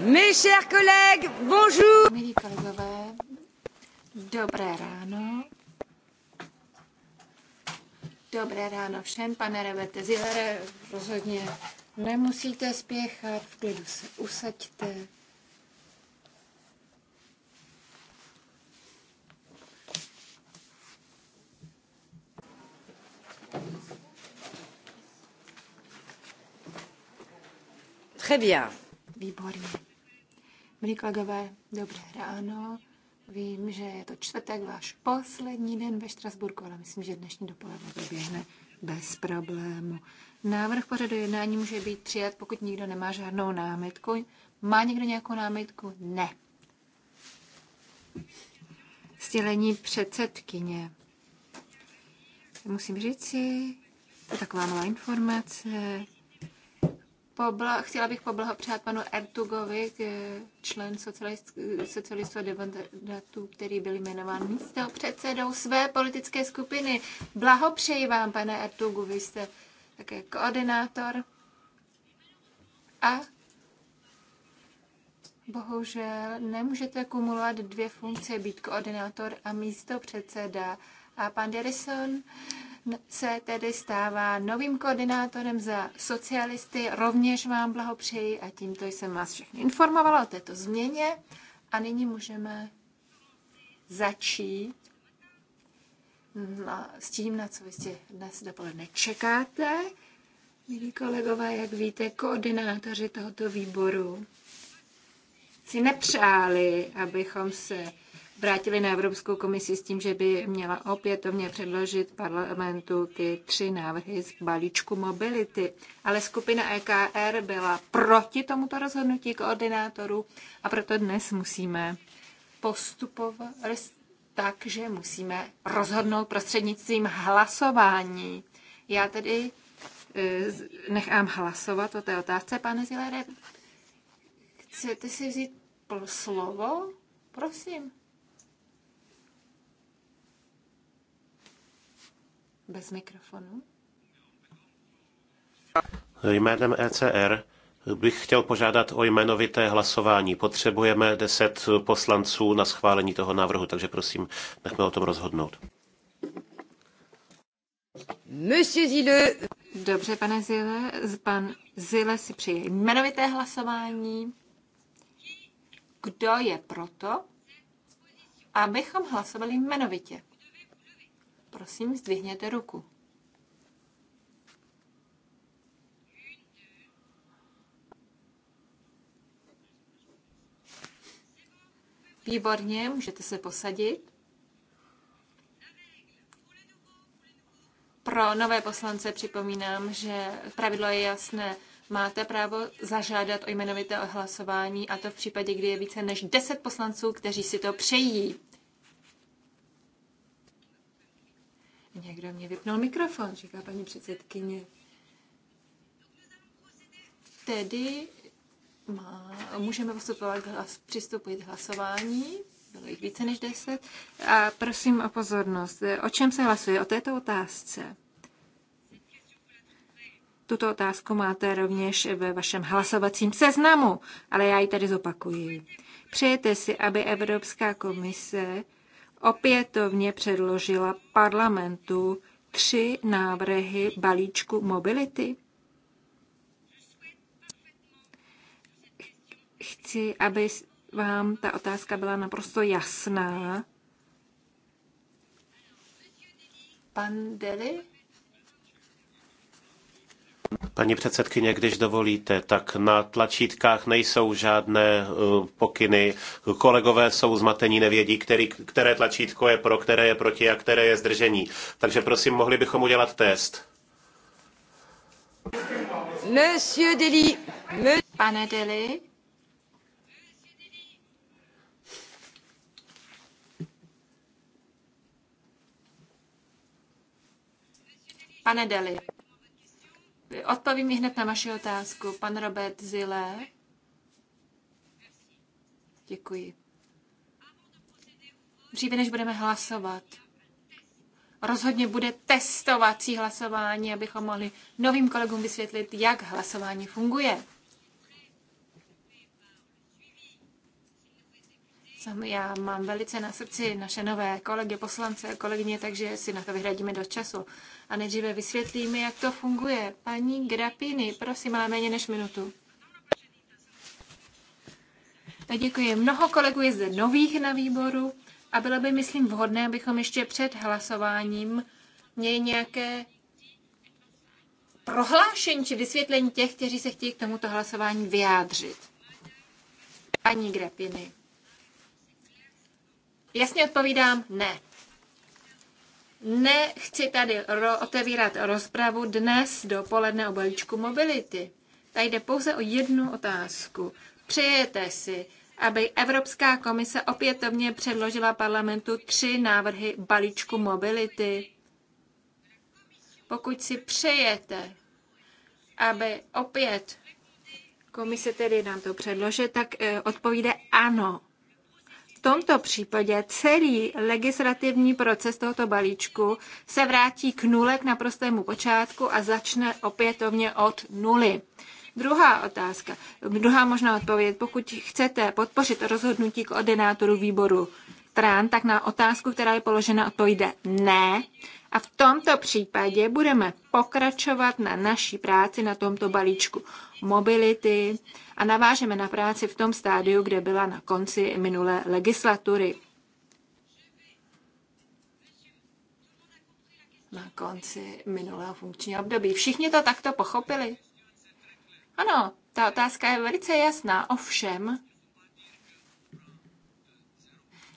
Mes chers collègues, bonjour. Milí kolegové, dobré ráno. Dobré ráno všem, pane Rebete Zilere, rozhodně nemusíte spěchat, v klidu se usaďte. Très bien. Výborně. Milí kolegové, dobré ráno. Vím, že je to čtvrtek, váš poslední den ve Štrasburku, ale myslím, že dnešní dopoledne proběhne bez problému. Návrh pořadu jednání může být přijat, pokud nikdo nemá žádnou námitku. Má někdo nějakou námitku? Ne. Sdělení předsedkyně. Musím si, to taková malá informace, Pobla, chtěla bych poblahopřát panu Ertugovi, eh, člen socialistů a demokratů, který byl jmenován místo předsedou své politické skupiny. Blahopřeji vám, pane Ertugu, vy jste také koordinátor. A bohužel nemůžete kumulovat dvě funkce, být koordinátor a místo předseda. A pan Derison, uh, se tedy stává novým koordinátorem za socialisty. Rovněž vám blahopřeji a tímto jsem vás všechny informovala o této změně. A nyní můžeme začít s tím, na co jste dnes dopoledne čekáte. Milí kolegové, jak víte, koordinátoři tohoto výboru si nepřáli, abychom se vrátili na Evropskou komisi s tím, že by měla opětovně předložit parlamentu ty tři návrhy z balíčku mobility. Ale skupina EKR byla proti tomuto rozhodnutí koordinátorů a proto dnes musíme postupovat tak, že musíme rozhodnout prostřednictvím hlasování. Já tedy eh, nechám hlasovat o té otázce. Pane Zilere, chcete si vzít slovo? Prosím. Bez mikrofonu. Jménem ECR bych chtěl požádat o jmenovité hlasování. Potřebujeme 10 poslanců na schválení toho návrhu, takže prosím, nechme o tom rozhodnout. Monsieur Zile. Dobře, pane Zile, pan Zile si přeje jmenovité hlasování. Kdo je proto, abychom hlasovali jmenovitě? Prosím, zdvihněte ruku. Výborně, můžete se posadit. Pro nové poslance připomínám, že pravidlo je jasné. Máte právo zažádat o jmenovité hlasování a to v případě, kdy je více než 10 poslanců, kteří si to přejí. Někdo mě vypnul mikrofon, říká paní předsedkyně. Tedy má, můžeme postupovat hlas, přistupit k hlasování. Bylo jich více než deset. A prosím o pozornost. O čem se hlasuje? O této otázce. Tuto otázku máte rovněž ve vašem hlasovacím seznamu, ale já ji tady zopakuji. Přejete si, aby Evropská komise opětovně předložila parlamentu tři návrhy balíčku mobility. Chci, aby vám ta otázka byla naprosto jasná. Pan Deli? Paní předsedkyně, když dovolíte, tak na tlačítkách nejsou žádné eh, pokyny. Kolegové jsou zmatení, nevědí, který, které tlačítko je pro, které je proti a které je zdržení. Takže prosím, mohli bychom udělat test. Monsieur Deli. Pane Deli. Pane Deli. Odpovím mi hned na vaši otázku. Pan Robert Zile. Děkuji. Dříve, než budeme hlasovat, rozhodně bude testovací hlasování, abychom mohli novým kolegům vysvětlit, jak hlasování funguje. Já mám velice na srdci naše nové kolegy, poslance a kolegyně, takže si na to vyhradíme do času. A nejdříve vysvětlíme, jak to funguje. Paní Grapiny, prosím, ale méně než minutu. Tak děkuji. Mnoho kolegů je zde nových na výboru a bylo by, myslím, vhodné, abychom ještě před hlasováním měli nějaké prohlášení či vysvětlení těch, kteří se chtějí k tomuto hlasování vyjádřit. Paní Grapiny. Jasně odpovídám ne. Nechci tady ro- otevírat rozpravu dnes dopoledne o balíčku mobility. Tady jde pouze o jednu otázku. Přejete si, aby Evropská komise opětovně předložila parlamentu tři návrhy balíčku mobility? Pokud si přejete, aby opět komise tedy nám to předložila, tak eh, odpovíde ano tomto případě celý legislativní proces tohoto balíčku se vrátí k nule, k naprostému počátku a začne opětovně od nuly. Druhá otázka, druhá možná odpověď, pokud chcete podpořit rozhodnutí koordinátoru výboru stran, tak na otázku, která je položena, odpovíde ne. A v tomto případě budeme pokračovat na naší práci na tomto balíčku mobility a navážeme na práci v tom stádiu, kde byla na konci minulé legislatury. Na konci minulého funkčního období. Všichni to takto pochopili? Ano, ta otázka je velice jasná. Ovšem,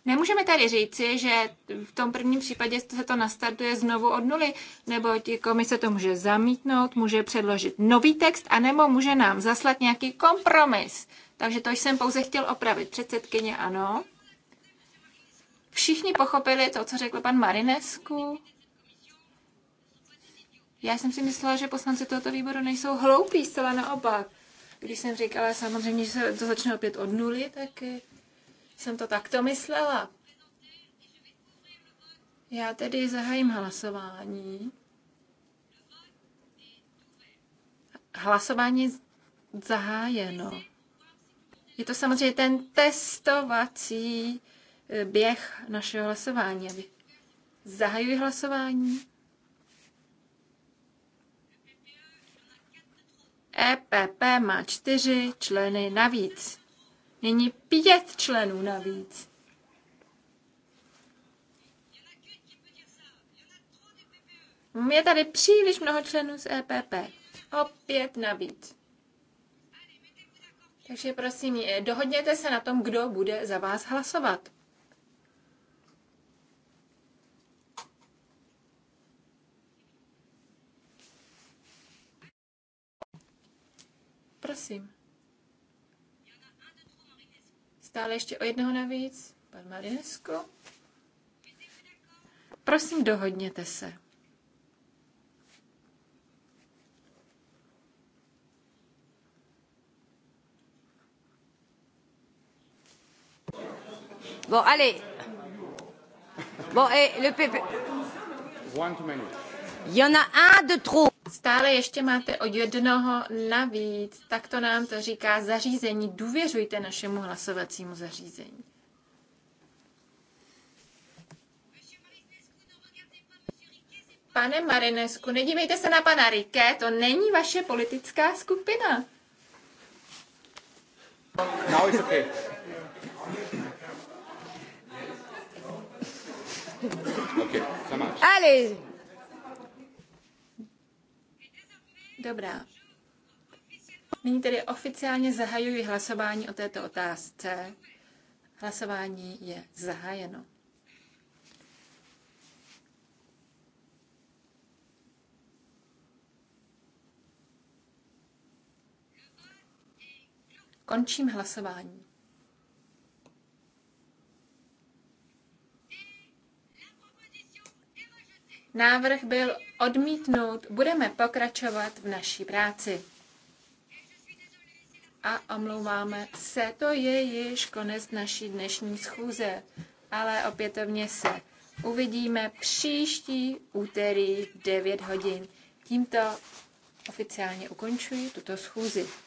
Nemůžeme tady říci, že v tom prvním případě se to nastartuje znovu od nuly, nebo komise to může zamítnout, může předložit nový text, anebo může nám zaslat nějaký kompromis. Takže to jsem pouze chtěl opravit. Předsedkyně ano. Všichni pochopili to, co řekl pan Marinesku. Já jsem si myslela, že poslanci tohoto výboru nejsou hloupí, zcela naopak. Když jsem říkala samozřejmě, že se to začne opět od nuly, tak jsem to takto myslela. Já tedy zahájím hlasování. Hlasování zahájeno. Je to samozřejmě ten testovací eh, běh našeho hlasování. Zahajuji hlasování. EPP má čtyři členy navíc. Není pět členů navíc. Je tady příliš mnoho členů z EPP. Opět navíc. Takže prosím, dohodněte se na tom, kdo bude za vás hlasovat. Prosím. Stále ještě o jednoho navíc. Pan Marinesko. Prosím, dohodněte se. Bon, allez. Bon, et le pépé. Il y en a un de trop. Stále ještě máte o jednoho navíc, tak to nám to říká zařízení. Důvěřujte našemu hlasovacímu zařízení. Pane Marinesku, nedívejte se na pana Rike, to není vaše politická skupina. No it's okay. okay, Allez Dobrá. Nyní tedy oficiálně zahajuji hlasování o této otázce. Hlasování je zahájeno. Končím hlasování. Návrh byl odmítnut. Budeme pokračovat v naší práci. A omlouváme se, to je již konec naší dnešní schůze, ale opětovně se uvidíme příští úterý 9 hodin. Tímto oficiálně ukončuji tuto schůzi.